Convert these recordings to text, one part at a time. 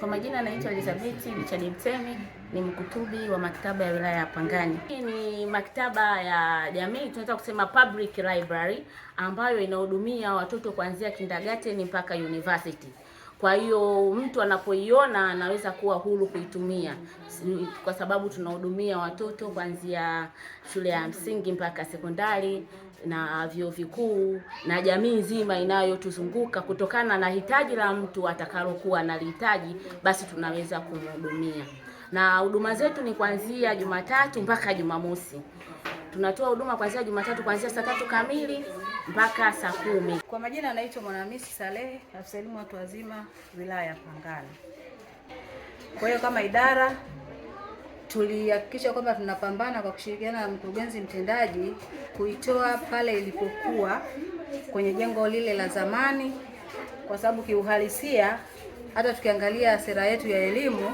Kwa majina anaitwa Elizabeth Richard Mtemi, ni mkutubi wa maktaba ya wilaya ya Pangani. Hii ni maktaba ya jamii, tunaweza kusema public library, ambayo inahudumia watoto kuanzia kindergarten mpaka university. Kwa hiyo mtu anapoiona anaweza kuwa huru kuitumia, kwa sababu tunahudumia watoto kuanzia shule ya msingi mpaka sekondari na vyuo vikuu na jamii nzima inayotuzunguka kutokana na hitaji la mtu atakalokuwa analihitaji, basi tunaweza kumhudumia. Na huduma zetu ni kuanzia Jumatatu mpaka Jumamosi. Tunatoa huduma kuanzia Jumatatu kuanzia saa tatu kamili mpaka saa kumi. Kwa majina anaitwa Mwanahamisi Salehe, afisa elimu watu wazima wilaya ya Pangani. Kwa hiyo kama idara tulihakikisha kwamba tunapambana kwa kushirikiana na mkurugenzi mtendaji kuitoa pale ilipokuwa kwenye jengo lile la zamani, kwa sababu kiuhalisia hata tukiangalia sera yetu ya elimu,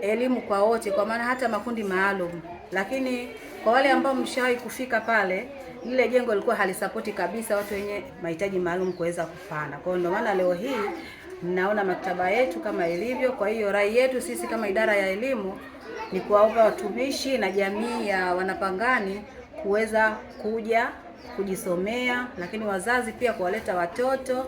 elimu kwa wote, kwa maana hata makundi maalum, lakini kwa wale ambao mshawahi kufika pale, lile jengo lilikuwa halisapoti kabisa watu wenye mahitaji maalum kuweza kufana Kwa hiyo ndio maana leo hii naona maktaba yetu kama ilivyo. Kwa hiyo rai yetu sisi kama idara ya elimu ni kuwaomba watumishi na jamii ya Wanapangani kuweza kuja kujisomea, lakini wazazi pia kuwaleta watoto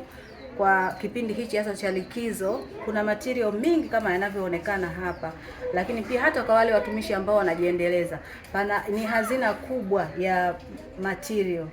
kwa kipindi hichi hasa cha likizo. Kuna material mingi kama yanavyoonekana hapa, lakini pia hata kwa wale watumishi ambao wanajiendeleza, pana ni hazina kubwa ya material.